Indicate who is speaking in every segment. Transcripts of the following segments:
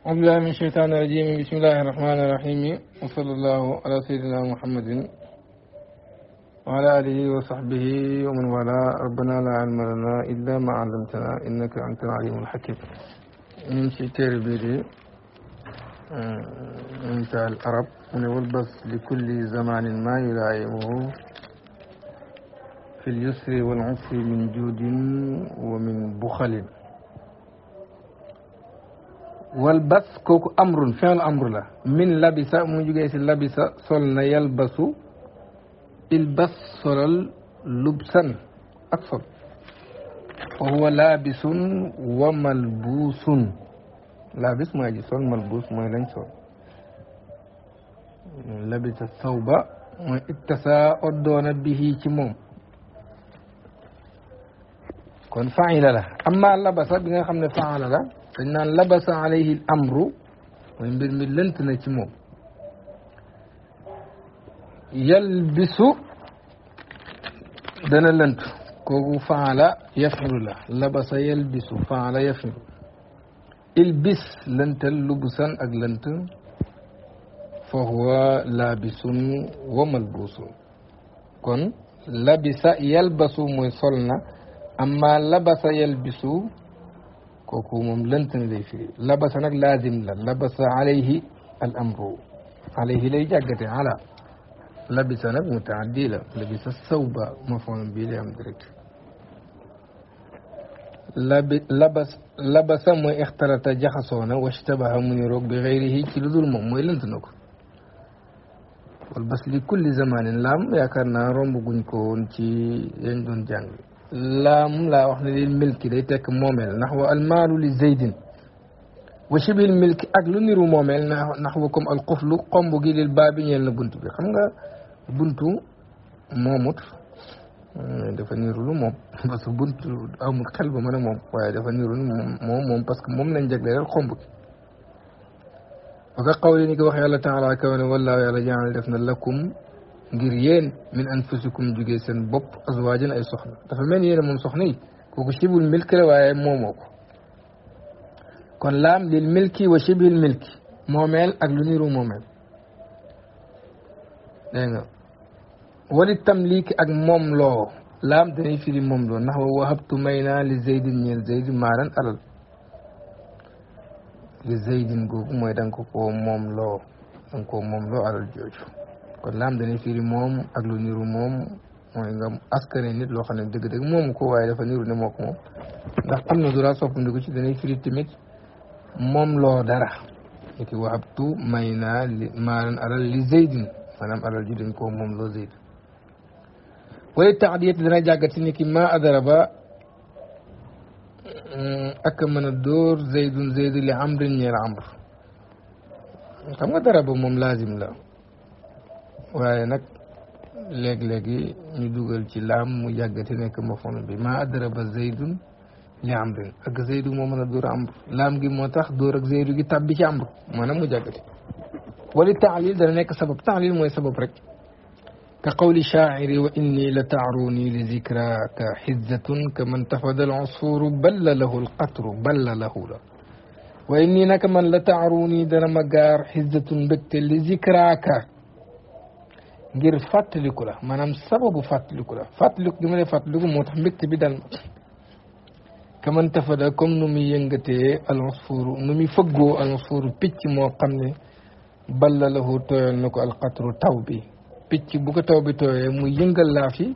Speaker 1: أعوذ بالله من الشيطان الرجيم بسم الله الرحمن الرحيم وصلى الله على سيدنا محمد وعلى آله وصحبه ومن والاه ربنا لا علم لنا إلا ما علمتنا إنك أنت العليم الحكيم من شيتير بيدي آه، من العرب من يلبس لكل زمان ما يلائمه في اليسر والعسر من جود ومن بخل والبس كوك أمر فعل أمر لا من لبس من جوجي سي لبس صلنا يلبس البس صل لبسا أكثر وهو لابس وملبوس لابس ما يجي صل ملبوس ما يلين صل لبس الثوب ما اتسى به كموم كن فعل له أما لبس بنا خمنا فعل لا dañ naan labasa alayhi al amru mooy mbir mi lënt na ci moom yalbisu dana lënt kooku faala yafilu la labasa yalbisu faala yafilu ilbis lëntal lubusan ak lënt fa huwa laabisun wa malbuusun kon labisa yalbasu mooy sol na amma labasa yalbisu kooku moom lënt na lay firi labasa nag laazim la labasa alayhi al amru alayhi lay jàggate ala labisa nag mutaaddi la labisa sawba mafoon bii lay am direct labi labas labasa mooy ixtarata jaxasoona washtabaha mu niroog bi xayrihi ci lu dul moom mooy lënt na ko wal bas li kulli zamanin laam yaakaar naa romb guñ ko woon ci yañ doon jàng لام لا وخنا دي الملك داي تك مومل نحو المال لزيد وشبه الملك اك لو نيرو مومل نحوكم القفل قمبو جي للباب ني لا بونتو بي خمغا بونتو مومت آه، دا فا نيرو لو موم باس بونتو ام قلب مانا موم واي دا فا نيرو موم موم باسك موم لا نجاك ديال قمبو وكا قولي نيك واخ يالله تعالى كون والله يالله جعل دفنا لكم ngir yéen min anfusikum jugee seen bopp azwaajan ay soxna dafa mel ni yéen moom soxna yi kooku shibul milk la waaye moomoo ko kon laam lil milki wa shibil milki moomeel ak lu niru moomeel dégg nga wali tamliki ak moom loo laam danay firi moom loo ndax wa wahabtu may naa li zaydin ñeel zaydin maaran alal li zaydin googu mooy da nga ko koo moom loo da nga koo moom loo alal jooju kon laam dana firi moom ak lu niru moom mooy nga askane nit loo xam ne dëgg-dëgg moomu ko waaye dafa niru ne moo ko moom ndax am na dura soppandiku ci danay firi tamit moom loo dara ni ki waxabtu may naa li maalan alal li zeydin maanaam alal ji dañ koo moom loo zeyd wala taadiyat dana jàggat si ni ki maa adara ba ak mën a dóor zeydun zeydu li amrin ñeel amr xam nga dara ba moom laazim la waaye nag léeg-léegi ñu dugal ci laam mu yàggati nekk mafoon bi maa adraba zaydun li amrin ak zaydu moo mën a dóor amr laam gi moo tax dóor ak zaydu gi tàbbi ci amr maanaam mu jàggati wali taalil dana nekk sabab taalil mooy sabab rek ka qawli shaairi wa inni la taaruni li zikraka xizzatun ka man tafada al usfuru balla lahu al qatru balla lahu la wa inni naka man la taaruni dana ma gaar xizzatun mbégte li zikraka ngir fàttaliku la maanaam sababu fàttaliku la fàttaliku gi ma lay fàttaliku moo tax mbégte bi dal ma kaman tafada comme nu muy yëngatee almasfuuru nu muy fëggoo almasfuuru picc moo xam ne balla lahu tooyal na ko alqatru taw bi picc bu ko taw bi tooyee mu yëngal laaf yi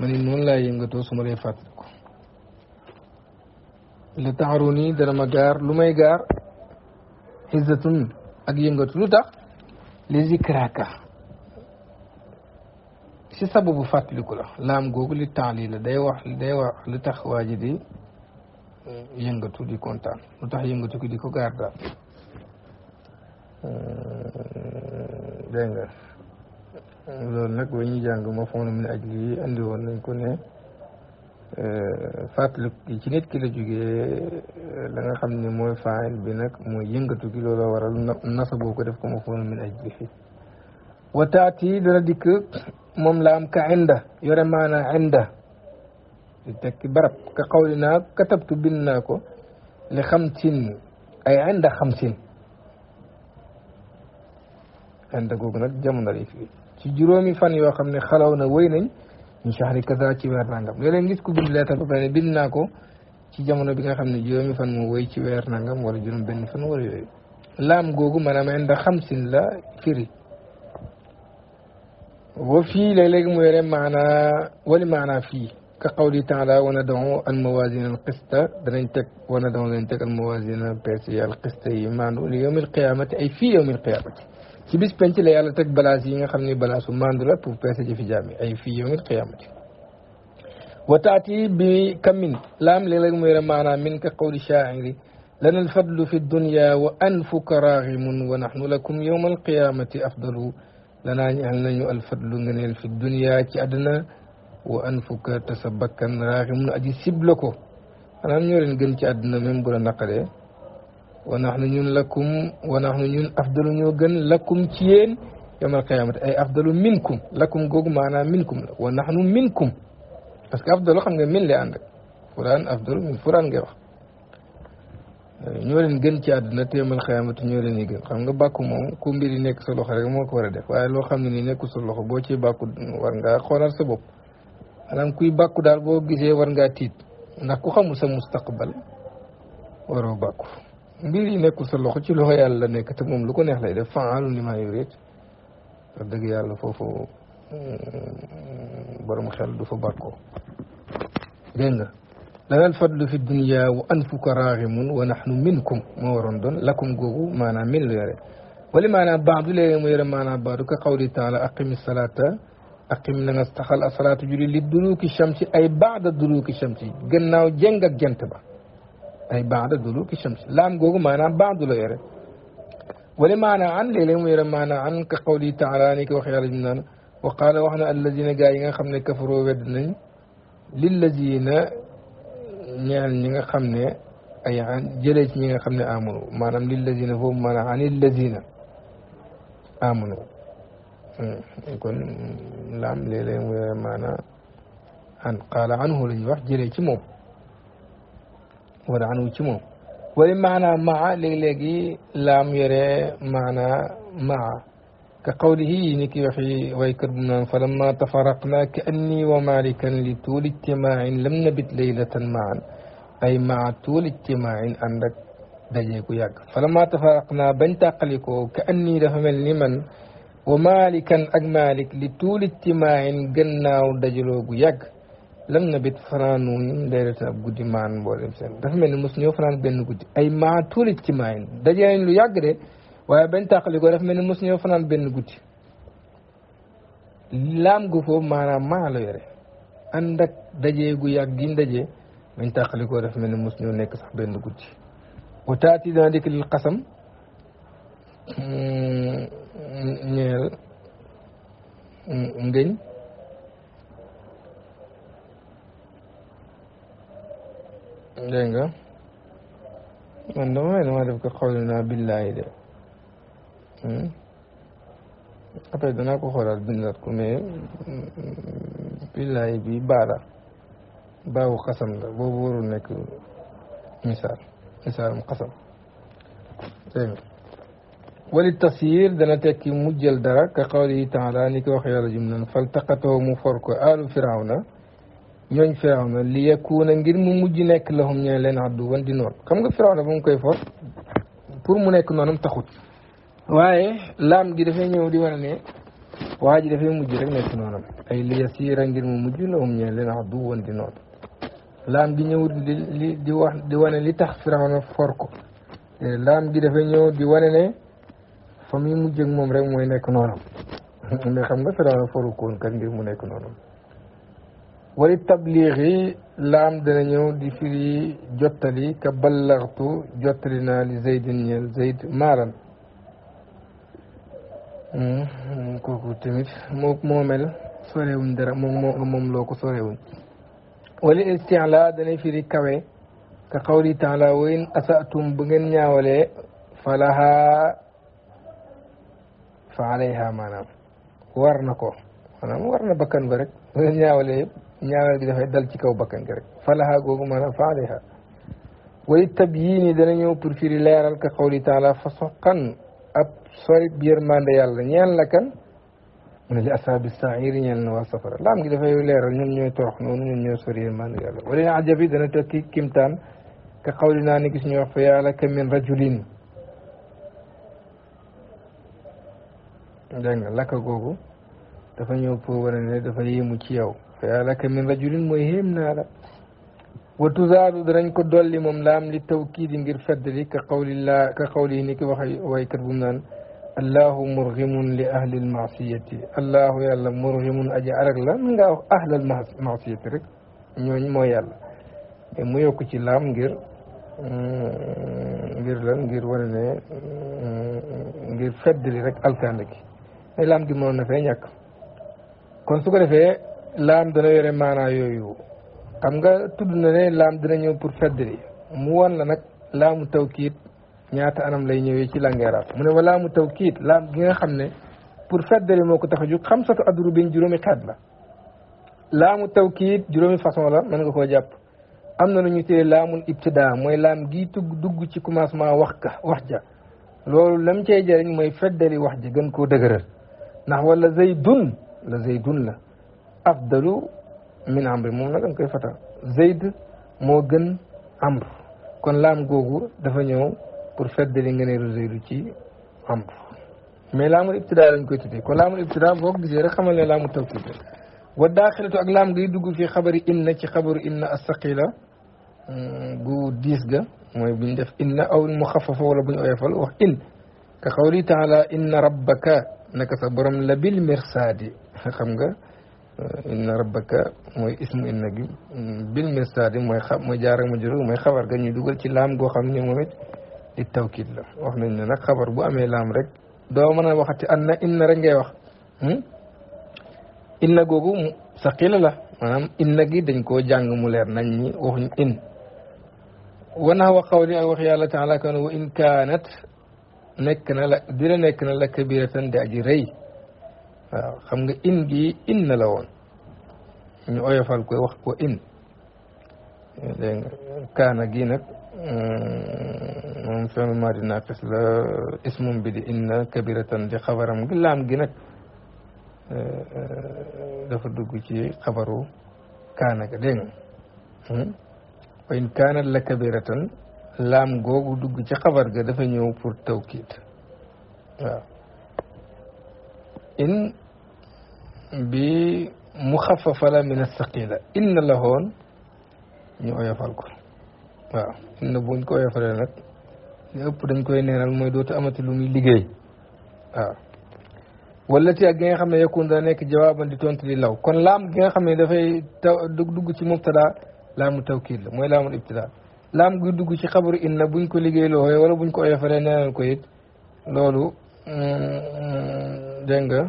Speaker 1: ma ni noonu laa yëngatoo su ma lay fàttaliku la taxaru nii dana ma gaar lu may gaar xisatun ak yëngatu lu tax li zikraka ci sababu fàttaliku la laam googu li temps lii la day wax day wax li tax waa ji di euh, yëngatu di kontaan lu tax yëngatu ki di ko gaar la euh, dégg nga loolu nag ba ñuy jàng ma foog na mu ne aj lii nañ ko ne euh, fàttaliku gi ci nit ki la jógee la nga xam ne mooy faayil bi nag mooy yëngatu gi looloo waral nasa boo ko def ko ma foog na mu ne aj lii dana dikk moom la am ka inda yore maana inda di tekki barab ka xawli naa katabtu bind naa ko li xamsin ay inda xamsin inda googu nag jamono lay fii ci juróomi fan yoo xam ne xalaw na wéy nañ ñu shahri kaza ci weer nangam léeg-léeg gis ku bind ba pare bind naa ko ci jamono bi nga xam ne juróomi fan moo wéy ci weer nangam wala juróom benn fan wala yooyu laam googu maanaam inda xamsin la firi وفي ليلة مويرة معنا والمعنى في كقوله تعالى وندعو الموازين القسط درنتك وندعو درنتك الموازين بيرسي القسط يمان ليوم القيامة أي في يوم القيامة كي بس بنت ليالة بلازين خلني بلاسو ماندولا بو بيرسي في جامع أي في يوم القيامة وتأتي بكم من لام ليلة مويرة معنا من كقول شاعر لنا الفضل في الدنيا وأنفك راغم ونحن لكم يوم القيامة أفضل lanaa ñi al nañu alfadlu ngëneel fi dunia ci àdduna wa an fukka te sa bakkan raaxi mun aji sib la ko maanaam ñoo leen gën ci àdduna même bu la naqaree wa nax nu ñun lakum wa nax nu ñun afdalu ñoo gën lakum ci yéen yawmal qiyaamati ay afdalu minkum lakum googu maanaam minkum la wa nax nu minkum parce que afdalu xam nga min lay ànd fulaan afdalu min fulaan ngay wax ñoo leen gën ci àdduna téemal xayamatu ñoo leen yi gën xam nga bàkku moom ku mbir yi nekk sa loxo rek moo ko war a def waaye loo xam ne nii nekkul sa loxo boo ci bàkku war ngaa xoolal sa bopp kuy bàkku daal boo gisee war ngaa tiit ndax ku xamul sa mustaqbal waroo bàkku nekkul sa loxo ci loxo yàlla la nekk te moom lu ko neex lay def fa'aalun limaa yuriid wax dëgg yàlla foofu mm, mm, borom xel du fa bàkkoo dégg لنا الفضل في الدنيا وأنفك راغم ونحن منكم موردون لكم جوغو مانا من لغيره ولمانا بعض لهم ويرى مانا بارك قولي تعالى أقم الصلاة أقم لنا استخل الصلاة جري للدروك الشمس أي بعد الدروك الشمس جناو جنگ جنتبا أي بعد الدروك الشمس لام جوغو مانا بعض لغيره ولمانا عن لهم ويرى مانا عن كقولي تعالى نيك وخيار جنان وقال وحنا الذين قاينا خمنا كفروا ودنا للذين ñeel ñi nga xam ne ay an ñi nga xam ne amunu maanaam lillazina foofu maanaam anil lazina amunu hmm, kon laam léeg-léeg mu yore maanaam an qaala anhu la ñuy wax jëlee ci moom wala anhu ci moom wala maanaam maa léeg-léegi laam yore maanaam maa ka qawlihi ni ki waxi waykat bu naan falamma tafaraqna ka anni wa malikan li tuuli ijtimaain lam nabit laylatan maan ay maa tuuli ijtimaain ànd ak dajeeku yàgg falamma tafaraqna bañ tàqalikoo ka anni dafa mel ni man wa malikan ak malik li tuuli ijtimaain gannaaw dajaloo gu yàgg lam nabit fanaanu laylatan ab guddi maan mboolem seen dafa mel ni mos ñoo fanaan benn guddi ay maa tuuli ijtimaain dajeeñ lu yàgg de waaye bañ tàqali ko daf mel ni mos ñoo fanaan benn guddi laam gu foofu maanaam maa la yore ànd ak dajee gu yàgg giñ dajee bañ tàqali ko daf mel ni mos ñoo nekk sax benn guddi wa taati dana dikk lil xasam ñeel ngëñ dégg nga man dama dama def ko xawli naa billaahi de après danaa ko xoolaat bindaat ko mais billaay bi baala baawu xasam la boobu warul nekk misaal misaalum xasam dégg nga wali tasir dana tekki mu mujjal dara ka qawlihi taala ni ko wax yàlla jum nan faltaqatoo mu for ko aalu firawna ñooñ firawna li yakuuna ngir mu mujj nekk lahum ñeen leen addu di noonu xam nga firawna ba koy for pour mu nekk noonam taxut waaye laam gi dafay ñëw di war ne waa ji dafay mujj rek nekk noonam ay li yasiira ngir mu mujj la um ñee leen wax du woon di noonu laam gi ñëw di li wane li tax firawna forko ko eh, laam gi dafay ñëw di wane ne fa muy mujj ak moom rek mooy nekk noonam mais xam nga firawna foru koon kat ngir mu nekk noonam wali tabliix yi laam dana ñëw di firi jottali ka ballaxtu jottali naa li zaydin ñeel zayd maalan Hmm, kooku tamit moo moomel sorewuñ dara moom moo moom loo ko sorewuñ wala istiala danay firi kawe ka xawli taala bu ngeen ñaawalee falaha fa alayha maanaam war na ko maanaam war na bakkan ba rek bu ngeen ñaawalee yëpp ñaawal gi dafay dal ci kaw bakkan gi rek googu maanaam fa alayha wala tab yii ni firi leeral ka xawli taala fasoqan ab sori bi yërmande yàlla ñeel na kan mu ne li asaabi sair ñeel na waa safara laam ngi dafay leeral ñoom ñooy torox noonu ñoom ñooy sori yërmande yàlla wala na ajab yi dana tekki kimtaan ka xawli naa ni gis ñu wax fa yàlla ka min rajulin dégg nga lakka googu dafa ñëw pour wane ne dafa yéemu ci yow fa yàlla ka min rajulin mooy yéem naa la wa tuzaadu danañ ko dolli moom laam li tawkiidi ngir feddali ka qawlillah ka qawlihi ni ki wax waykat bu mu naan allahu murgimun li ahlil maasiyati allahu yàlla murgimun aji arag la mun ngaa wax ahlal maasiyati rek ñooñ moo yàlla mais mu yokk ci laam ngir ngir lan ngir wane ne ngir feddali rek alkande gi gi mënoon na fee kon su ko defee laam dana yore yooyu xam nga tudd na ne laam dina ñëw pour feddali mu wan la nag laamu tawkiit ñaata anam lay ñëwee ci langue arabe mu ne wa laamu tawkiit laam gi nga xam ne pour feddali moo ko tax a jóg xamsatu adrubin juróomi xeet la laamu tawkiit juróomi façon la mën nga ko jàpp am na lu ñu tee laamul ibtidaa mooy laam gi tugg dugg ci commencement wax ka wax ja loolu lam cey jëriñ mooy feddali wax ja gën koo dëgëral ndax wala zaydun la zaydun la afdalu min amri moom nag da koy fata zayd moo gën amr kon laam googu dafa ñëw pour feddali ngëneelu zaydu ci amr mais laamul ibtidaa lañ koy tuddee kon laamul ibtidaa boo ko gisee rek xamal ne laamu tawkiid wa daaxilatu ak laam ngay dugg fii xabari inna ci xabaru inna assaqila bu mm, diis ga mooy buñ def inna aw mu xafafa wala buñ oyofal wax in ka xawli taala inna rabbaka naka sa borom la bil mirsaadi xam nga inna rabbaka mooy ismu inna gi bil mirsaadi mooy xa mooy jaara ma juróom mooy xabar ga ñu dugal ci laam goo xam ne moom it la wax nañ ne nag xabar bu amee laam rek doo mën a waxati an na inna rek ngay wax inna googu saqila la maanaam inna gi dañ koo jàng mu leer nañ wax waxuñ in wanax wa xawli ak wax yàlla taala kana wa in kaanat nekk na la di la nekk na la kabiratan di aji rëy xam nga in gi in na la woon ñu oyofal ko wax ko in kaana gi nag mm, moom fi'lu maadi naaqis la ismum bi di na kabiratan di xabaram gi laam gi nag eh, eh, dafa dugg ci xabaru kaana ga dégg nga wa hmm? in kaanat la kabiratan laam googu dugg ci xabar ga dafa ñëw pour tawkiid in bi mu la min asaqila inna la hoon ñu oyofal ko waaw inna buñ ko oyofalee nag li ëpp dañ koy neenal mooy dootu amati lu muy liggéey waaw wala ci ak nga xam ne yakun dana nekk jawaaban di tontu li law kon laam gi nga xam ne dafay taw dugg ci mubtada laamu tawkiid la mooy laamul ibtida laam guy dugg ci xabaru inna buñ ko liggéey loo wala buñ ko oyofalee neenal ko loolu mm, dégg nga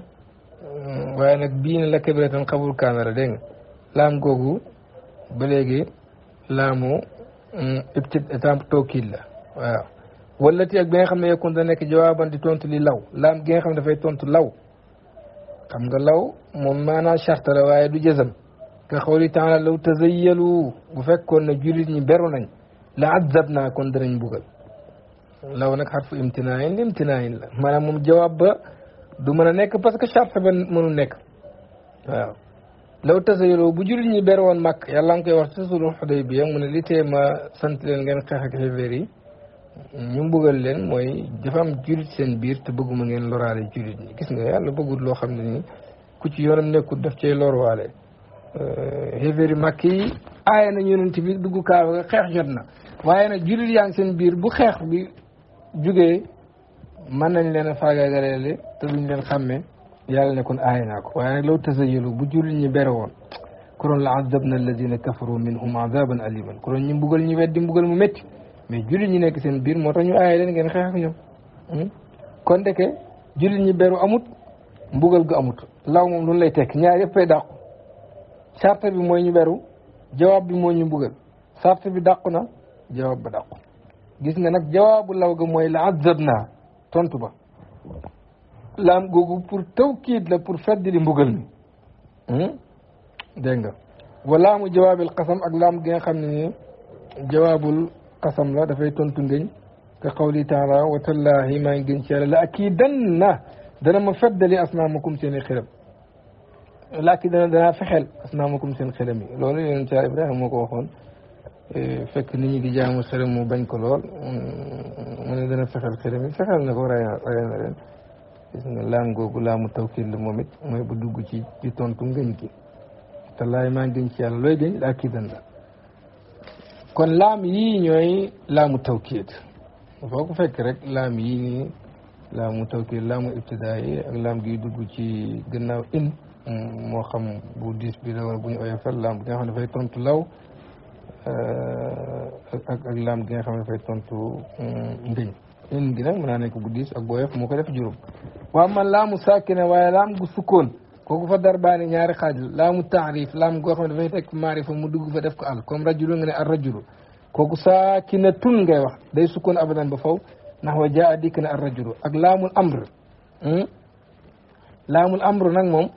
Speaker 1: waaye nag bii ne la kabiratan xabul kaamera dégg nga laam googu ba léegi laamu mm, ibtit étampe tookil la waaw wala ti ak xam ne yekun da nekk jawaaban di tontu li law laam gi xam ne dafay tontu law xam nga law moom maanaa charte la waaye du jësam ka xawli taala law tazayyalu bu fekkoon ne jullit ñi beru nañ la azab naa kon danañ bugal law nag xarfu imtinaayin imtinaayin la maanaam moom jawaab du mën a nekk parce que charte ba mënul nekk waaw law tasayuloo bu jullit ñi ber woon màkk yàlla nga koy wax ci sulul Xudaybiya mu ne li tee ma sant leen ngeen xeex ak xeeféer yi ñu mbugal leen mooy dafa am seen biir te bëgguma ngeen loraale jullit ñi gis nga yàlla bëggul loo xam ne nii ku ci yoonam nekkul daf cee lorwaale euh, xeeféer yi màkk yi aaya na yonent bi dugg kaaba ga xeex jot na waaye nag jullit yaa ngi seen biir bu xeex b jugee mën nañu leen a faagaagalee te duñ leen xàmmee yàlla ne kon aay naa ko waaye nag law tasayalu bu jullit ñi bere woon kuroon la azabna alladina kafaru minhum azaban aliman kuroon ñu mbugal ñu weddi mbugal mu métti mais jullit ñi nekk seen biir moo tax ñu aaye leen ngeen xeex ak ñoom hmm? kon ndeke jullit ñi beru amut mbugal gu amut law moom lu lay tekk ñaar yëppay dàqu charte bi mooy ñu beru jawaab bi moo ñu mbugal charte bi dàqu na jawaab ba dàqu gis nga nag jawaabu law ga mooy la azabna tontu ba laam googu pour tawkiid la pour feddali mbugal mi hmm? dégg nga wa laamu jawaabil xasam ak laam gi nga xam ne ni jawaabul xasam la dafay tontu ngëñ te qawli taala wa tallaahi maa ngi gën ci yàlla la akiidanna dana ma feddali asnaamakum seen i xërëm la akiidanna danaa fexeel asnaamakum seen xërëm yi loolu yonent Ibrahima moo ko waxoon Eh, fekk nit ñu di jaamu xërëm mu bañ ko lool mu ne dana fexeel xërëm yi fexeel na ko rey rey na leen laam googu laamu tawkiid la moom it mooy bu dugg ci ci tontu ngëñ gi te laay maa ngi gën ci yàlla looy gën ak kii la kon laam yii ñooy laamu tawkiid foo ko fekk rek laam yii nii laamu tawkiid laamu ibtidaa yi ak laam gi dugg ci gannaaw in moo xam bu diis bi la wala bu ñu oyofal laam bi nga xam ne dafay tontu law. Euh, ak ak ak laam gi nga xam ne dafay tontu ngëñ in gi nag mën naa nekk ko def juróom waaw man laamu saakina waaye laam gu sukkoon kooku fa darbaani ñaari xaaj laamu taarif laam goo xam ne dafay tekk maarifa mu dugg fa def ko al comme rajulu nga ne ar rajulu kooku saakina tun ngay wax day sukkoon abadan ba faw ndax wa jaa dikk na rajulu ak laamu amr hmm? laamul amr nag moom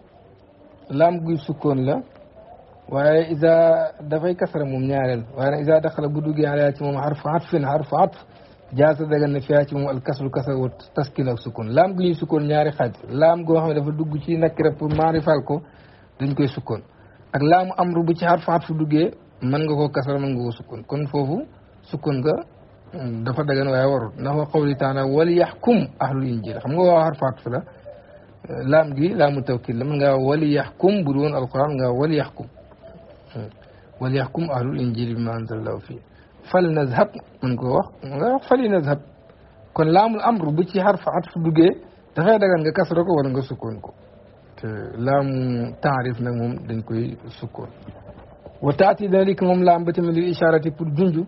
Speaker 1: laam guy sukkoon la waaye isa dafay kasara moom ñaareel waaye nag isa daxala bu duggee alaa ci moom xarfu atfin xarfu atf jaasa dagan na fiyaa ci moom al kasru kasar wa taskin ak sukkoon laam gi ñuy sukkoon ñaari xaaj laam goo xam ne dafa dugg ci nakira pour maarifal ko dañ koy sukkoon ak laamu amru bu ci xarfu atf duggee mën nga koo kasara mën nga koo sukkoon kon foofu sukkoon nga mm, dafa dagan waaye warul ndax wa qawli taala wal yaxkum ahlul injil xam nga waaw xarfu atf la laam gi laamu tawkil la mën ngaa wal yaxkum bu du woon alquran nga wal yaxkum wal yaxkum ahlul injil bi ma anzalallahu fi fal nazhab mun ko wax nga wax fali nazhab kon laamul amru bu ci xarfa atf duggee dafay dagan nga kasra ko wala nga sukkoon ko te laamu taarif nag moom dañ koy sukkoon wa taati dalika moom laam ba tamit li isharati pour junju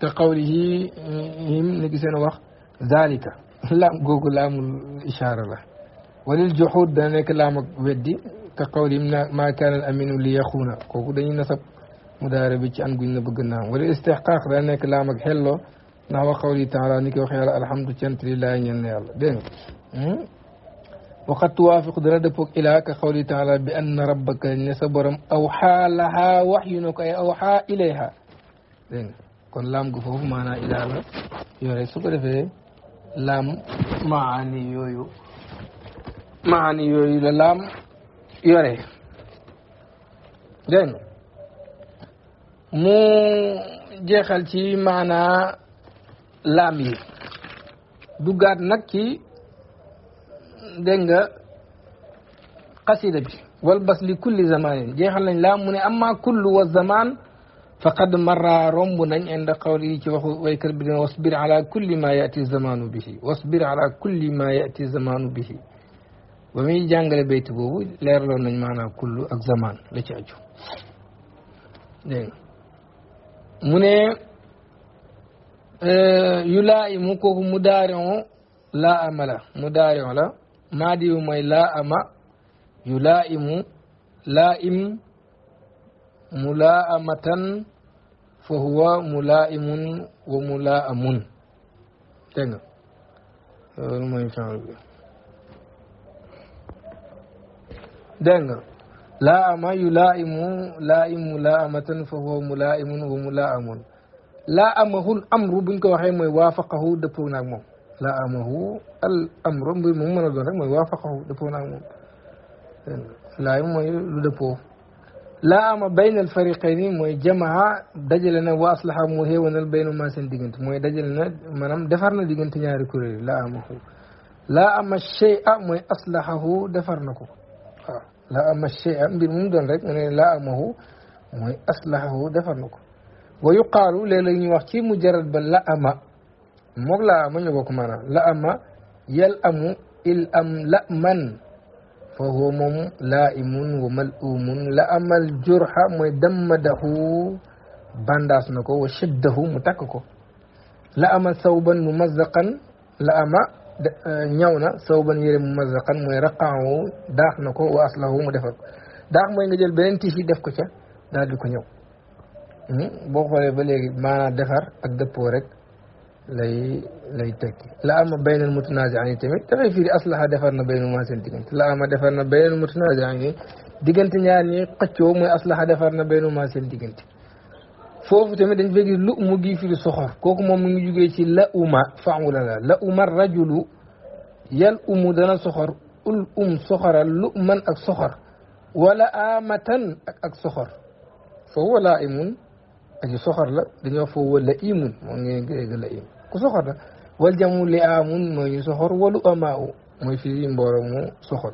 Speaker 1: te qawlihi him ni gi seen wax zalika laam googu laamul ishara la walil juxuud dana nekk laam ak weddi te qawlihim na maa kaana al aminu li yaxuuna kooku dañuy nasab mudaare bi ci an guñ na bëgg naam wala istixqaaq daa nekk laam ak xelloo ndax wa qawli taala ni ko wax yàlla alhamdu cant lillaahi ñeen na yàlla dégg nga hmm? waqad tuwaafiqu dana dëppoog ilaa ka qawli taala bi anna rabbaka ne sa borom awxaa lahaa wax yu na ko ay awxaa ilayha dégg nga kon laam gu foofu maanaa ilaa la yore su ko defee laam maani yooyu maani yooyu la laam yore dégg nga mu jeexal ci maanaa laam yi duggaat nag ci dégg nga xasida bi walbas li kulli zamanin jeexal nañ laam mu ne amma kullu wa zaman faqad marra romb nañ inda qawli ci waxu waykat bi dina wasbir ala kulli ma yati zamanu bihi wasbir ala kulli ma yati zamanu bihi ba muy jàngale bayti boobu leerloon nañ maanaa kullu ak zaman la ci aju dégg nga mu ne eh, yu laa imu kooku mu daarion laa ama la mu daarion la maa di yu mooy laa ama yu laa imu laa im mu laa amatan fa huwa mu laa wa mu laa amun nga laama yulaa'imu laa'imu laa'amatan fa huwa mulaa'imun wa mulaa'imun laa'amahul amru buñ ko waxee mooy waafaqahu dëppoo naag moom laa'amahu al amru mbir moom mën a doon rek mooy waafaqahu dëppoo naag moom laa'im mooy lu dëppoo laa'ama bayna al fariqayni mooy jamaa dajale na wa aslaha mu xéewanal baynuma seen diggante mooy dajale na maanaam defar na diggante ñaari kuréel laa'amahu laa'ama shay'a mooy aslahahu defar na ko la ama chey a mbir mu doon rek nga ne la amahu mooy aslahahu defar na ko wa yuqaalu léeg-léeg ñu wax ci mujarad ba la ama moog la ama ñu bokk maanaam la ama yal amu il am la man fa huwa moom laa imun wa malumun la amal jurha mooy dammadahu bandaas na ko wa shiddahu mu takk ko la ama sawban mumazaqan la ama Euh, ñaw na sawban yére mu mazaqan mooy raqaawu daax na ko wa aslahu mu defal ko daax mooy nga jel beneen tiis yi def ko ca daal di ko ñëw hmm? boo xoolee ba léegi maanaam defar ak dëppoo rek lay lay tekki la ama baynal mutanazi'ayn tamit dafay firi aslaha defar na baynuma seen diggante la ama defar na baynal mutanazi'ayn diggante ñaar ñi xëccoo mooy aslaha defar na baynuma seen diggante foofu tamit dañ fay gis lu mu gi firi soxor kooku moom mu ngi jugee ci la uma faula la la uma rajulu yal umu dana soxor ul um soxoral lu man ak soxor wala amatan ak soxor foofu wala imun aji soxor la dañoo foofu wala imun moo ngi gréega soxor la wal mooy ñu soxor walu mu soxor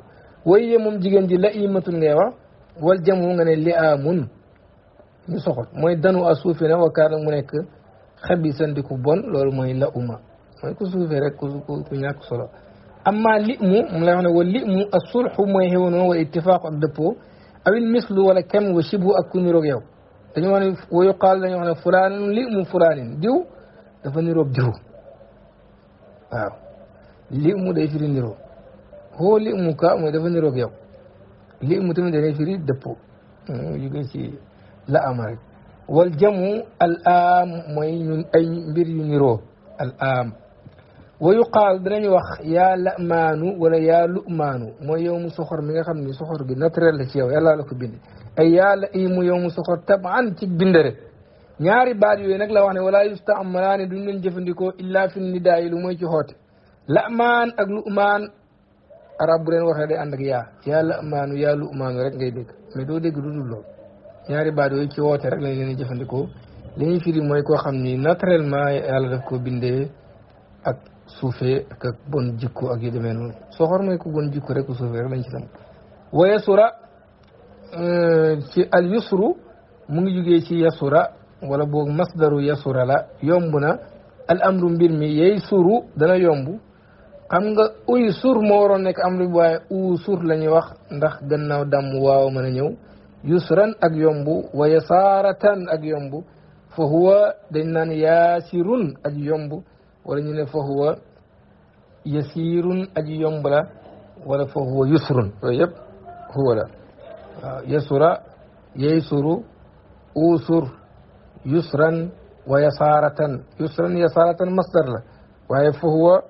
Speaker 1: moom jigéen ji la imatul ngay wax wal jamu nga ne li amun ñu soxol moy danu a suufe na wa nag mu nekk xabisan di ku bon loolu mooy la uma mooy ku suufee rek ku ku ñàkk solo amma li mu mu lay wax ne wa li mu a sulxu mooy xewanoo wala ittifaaqu ak dëppoo awil mislu wala kem wa shibu ak ku niroog yow dañu wax ne wa yuqaal dañu wax ne furaanin li mu furaanin diw dafa niroog diw waaw li mu day firi niroo hoo li mu ka mooy dafa niroog yow li mu tamit danay firi dëppoo yu gën ci la am rek wal jamu al mooy ñun ay mbir yu niroo al aam wa yuqaal dinañ wax yaa lamaanu wala yaa lumaanu mooy yow mu soxor mi nga xam ni soxor gi naturel la ci yow yàlla ko bind ay yaa la imu yow mu tabaan ci bindare ñaari baat yooyu nag la wax ne wala yustaamalaani duñ leen jëfandikoo illa fi nidaa yi lu mooy ci xoote lamaan ak lumaan arab bu leen waxee day ànd ak yaa yaa lamaanu yaa lumaanu rek ngay dégg mais doo dégg lu dul loolu ñaari baat yooyu ci woote rek lañ leen a jëfandikoo li ñuy firi mooy koo xam ni naturellement yàlla daf ko bindee ak suufee ak ak bon jikko ak yu demee noonu soxor mooy ko bon jikko rek ku suufee rek lañ ci sam euh, ci al mu ngi jugee ci yasura wala boog masdaru yasura la yomb na al amru mbir mi yey suru yomb xam nga uy moo waroon nekk amru waaye u la ñuy wax ndax gannaaw dàmm waaw mën a ñëw yusran ak yombu wa yasaaratan ak yombu fa huwa dañ naan yaasirun ak yombu wala ñu ne fa huwa yasirun ak yomb la wala fa huwa yusrun loolu yëpp huwa la waaw yasura yaysuru usur yusran wa yasaaratan yusran yasaaratan masdar la waaye fa huwa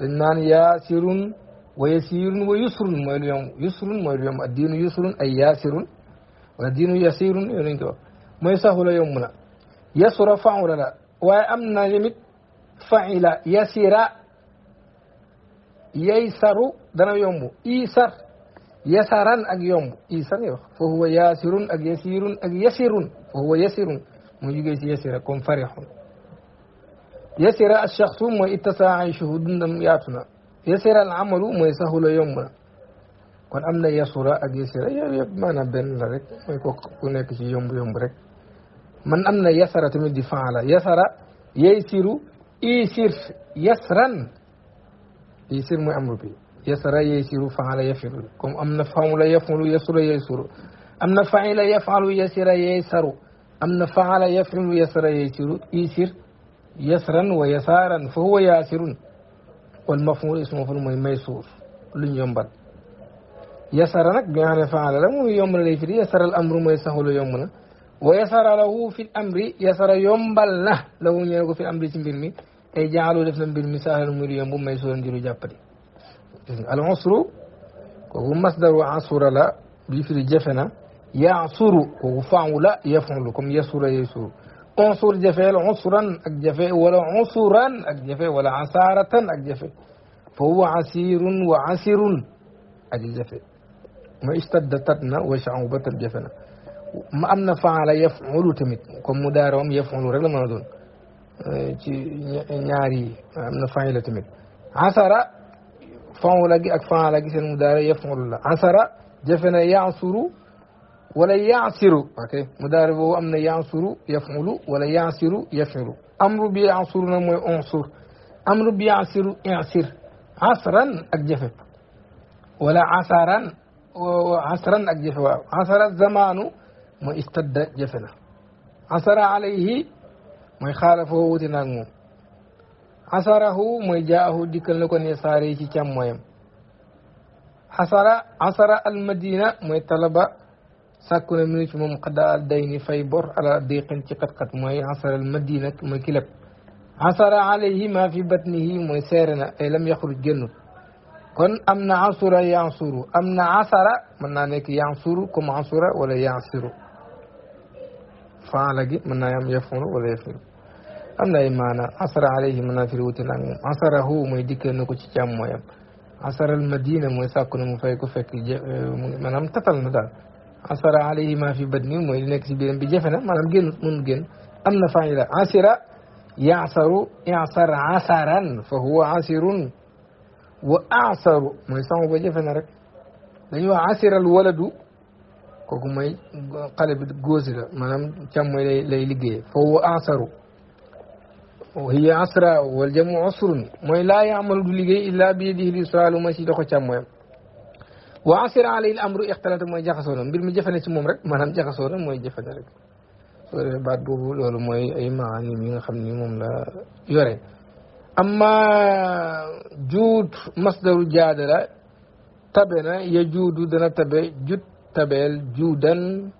Speaker 1: dañ naan yaasirun wa yasirun wa yusrun mooy lu yomb yusrun mooy lu yomb addiinu yusrun ay yaasirun والدين يسير ما يسهل يومنا يسر فعل وأمنا يمت فعل يسير ييسر دنا يوم إيسر يسرا أك يوم إيسر يوم فهو ياسر أك يسير أك يسير فهو يسير مجيجيس يسير كون فرح يسير الشخص ما اتساع شهود ياتنا يسير العمل ما يسهل يومنا kon amna na yasura ak yasira yooyu yëpp maanaam benn la rek moy ko ku nek ci yomb yomb rek man amna yasara tamit di faala yasara yaysiru isir yasran isir mu amru bi yasara yaysiru faala yafiru kom amna faamu la yafulu yasura yaysuru amna na faila yafalu yasira yaysaru amna faala yafilu yasara yaysiru isir yasran wa yasaran fa huwa yasirun wal mafmul ismaful mooy maysuur luñ yombal yasara nag bi nga xam ne faala la moom yomb na lay firi yasara al amru mooy saxula yomb na wa yasara lahu fi l amri yasara yombal na lahu ñee ko fi l amri ci mbir mi ay jaalu def na mbir mi sahlan muy lu yomb may suran di lu jàppati al usru kooku masdaru asura la bi firi jafe na yaasuru kooku faawu la yafulu comme yasura yasuru unsur jafeel usran ak jafe wala usuran ak jafe wala asaratan ak jafe fa huwa asirun wa asirun ak jafe mooy istadda tat na wa sha'ubatan jafe na ma am na faala yaf'ulu tamit comme mu daarawam yaf'ulu rek la mën a doon eh, ci ñaar yi am na faala tamit asara faala gi ak faala gi seen mu daara yaf'ulu la asara jafe na yaasuru wala yaasiru ok mu daara boobu am na yaasuru yaf'ulu wala yaasiru yaf'ulu amru bi yaasuru nag mooy unsur amru bi yaasiru insir asran ak jafe wala asaran xasaran ak jafe waaw xasara zamaanu mooy istadda jafe na xasara alayhi mooy xaalafoo wuti naag moom xasarahu mooy jaahu dikkal na ko ne saare yi ci càmmooyam xasara xasara almadina mooy talaba sàkku na minu ci moom xadaa day ni fay bor ala diqin ci xat-xat mooy xasara almadina mooy kilab xasara alayhi maa fi batnihi mooy seere na ay lam yaxruj génnut kon am na ansura yansuru am na asara mën naa nekk yansuru comme ansura wala yansiru faala gi mën naa am yafunu wala yafunu am na ay maana asara alayhi mën naa firi wuute nag moom asarahu mooy dikkee na ko ci càmmooyam asaral madina mooy sàkku na mu fay ko fekk euh, maanaam tatal na daal asara alayhi maa fi badni mooy li nekk si biiram bi jafe na maanaam génn mun génn am na faila asira yansaru yansar asaran fa huwa asirun wa asaru mooy sangu ko jëfe na rek dañuy wax asiral waladu kooku mooy xale bi góosi la maanaam càmmooy lay lay liggéeye foofu wa asaru hiya asra wal jamu usrun mooy laa yaamalu du liggéey illa bi yadihi l yusra lu ma si doxo càmmooyam wa asira alayhi l amru ixtalata mooy jaxasoo na mbir mi jëfe na ci moom rek maanaam jaxasoo na mooy jëfe na rek soo defee baat boobu loolu mooy ay maani yi nga xam ni moom la yore amma juud masdaru jaada la tabe na ya juudu dana tabe jut tabeel juudan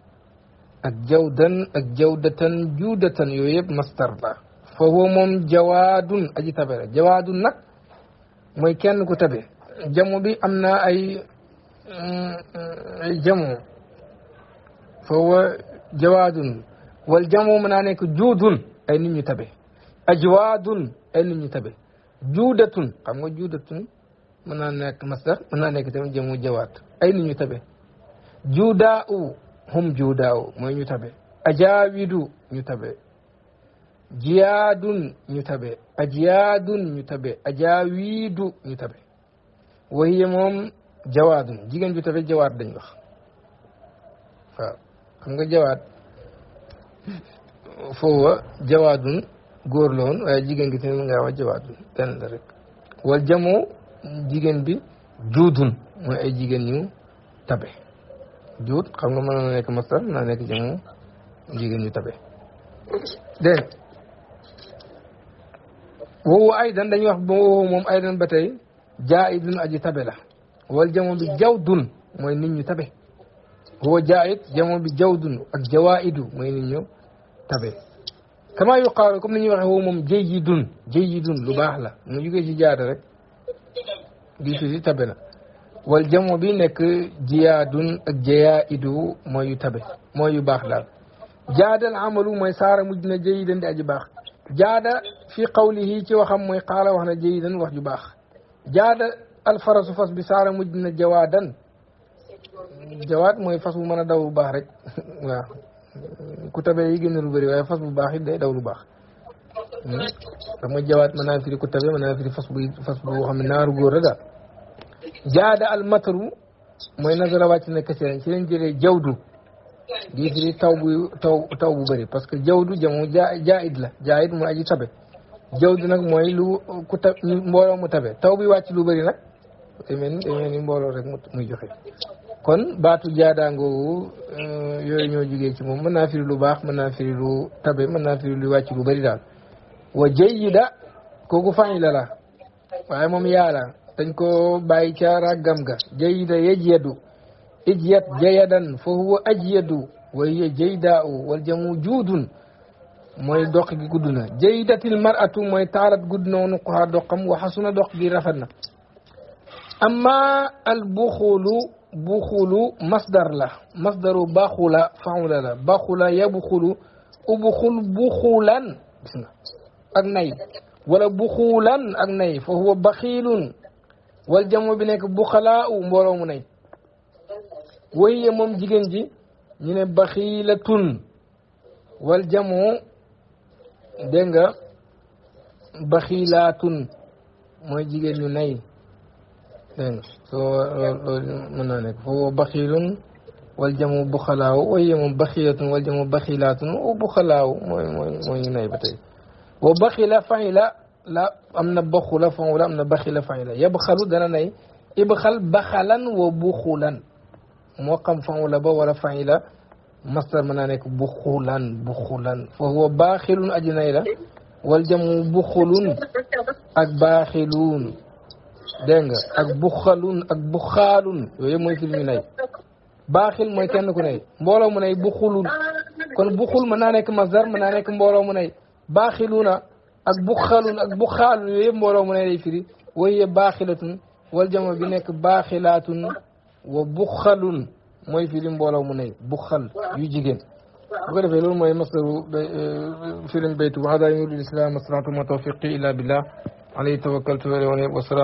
Speaker 1: ak jawdan ak jawdatan juudatan yooyu yëpp masdar la fa huwa moom jawaadun aji tabe jawaadun nag mooy kenn ku tabe jamo bi am na ay ay jamo fa huwa jawaadun wal jamo mën naa nekk juudun ay nit ñu tabe ajwaadun ay nit ñu tabe juudatun xam nga juudatun mën na nekk masdar mën naa nekk tamit jëmu jawaat ay nit ñu tabe juudaa u hum juudaa u mooy ñu tabe ajaawidu ñu tabe jiyaadun ñu tabe ajiyaadun ñu tabe ajaawiidu jawaadun jigéen ju tabe jawaat dañ wax waaw nga jawaat foowa jawaadun góor la waaye jigéen gi tamit mën ngaa wax jawaat benn la jigéen bi juudun mooy ay jigéen ñu tabe juut xam nga mën na nekk mastar mën naa nekk jamoo jigéen ñu tabe dégg woowu aydan dañuy wax ba woowu moom aydan ba tey jaayidun aji tabe la wal jamoo bi jawdun mooy nit ñu tabe woo jaayit jamoo bi jawdun ak jawaidu mooy nit ñu tabe kama yuqaalu comme ni ñuy waxee woo moom jëy yi dun jëy yi dun lu baax la mu jugee ci jaada rek di tuuti tabe na wal jamo bi nekk jiyaadun ak jëyaa idu mooy yu tabe mooy yu baax daal jaadal amalu mooy saara mujj na jëyi dan di aji baax jaada fi qawlihi ci waxam mooy qaala wax na jëyi dan wax ju baax jaada alfarasu fas bi saara mujj na jawaadan jawaat mooy fas bu mën a daw bu baax rek waaw ku be yi génn bari bëri waaye fas bu baax it day daw lu baax xam jawaat ma naa firi ku tabee mën naa firi fas bu fas xam ne naaru góor la daal jaada al mataru mooy nazara wàcc na kese lañ ci lañ jëlee jawdu di firi taw bu taw taw bu bëri parce que jawdu jamu jaa jaayit la jaayit mu aji tabe jawdu nag mooy lu ku mbooloo mu tabe taw bi wàcc lu bëri nag mbooloo rek muy joxe kon baatu jaadaangoowu eh, yooyu ñoo jugee ci moom mën naa lu baax mën naa firi lu tabe mën naa firi lu wàcc lu bari daal wa jayyida kooku fayla la waaye moom yaala dañ ko bàyyi ca ràggam ga jayyida yajyadu ijiat jayadan fa huwa ajyadu wa hiya jaydaa'u wal jamu juudun mooy doq gi gudd na jaydatil mar'atu mooy taarat gudd na woonu doqam wa xasuna doq gi rafet na amma buxulu masdar la masdaru baxula faula la baxula yabuxulu ubuxul buxulan gis na ak nay wala buxulan ak nay fa huwa baxilun wal jamoo bi nekk buxalaa u mbooloo mu nay wahiya moom jigéen ji ñu ne baxilatun wal jamo dégg nga baxilaatun mooy jigéen ñu nay dégg nga loolu loolu mën naa nekk foofu baxilun wal jamu buxalaaw way moom baxilatun wal jamu baxilaatun o buxalaaw mooy mooy mooy ñu nay ba tey wa baxila faila la am na baxula fawla am na baxila faila yabxalu dana nay ibxal baxalan wa buxulan moo xam fawla ba wala faila masdar mën naa nekk buxulan buxulan foofu wa baaxilun aji nay la wal jamu buxulun ak baaxiluun دينغ اك بوخالون اك بوخالون يوي موي كيلي ناي باخيل موي كين كو ناي مبولو مو ناي بوخولون كون بوخول مانا نيك مصدر مانا نيك مبولو مو ناي باخيلونا اك بوخالون اك بوخال يوي مبولو مو ناي لي فري وهي باخيلاتن والجمع بي نيك باخيلاتن وبوخالون موي فيلم مبولو مو ناي بوخال يو جيجين وهذا يقول الاسلام الصلاه والتوفيق الى بالله عليه توكلت وسلام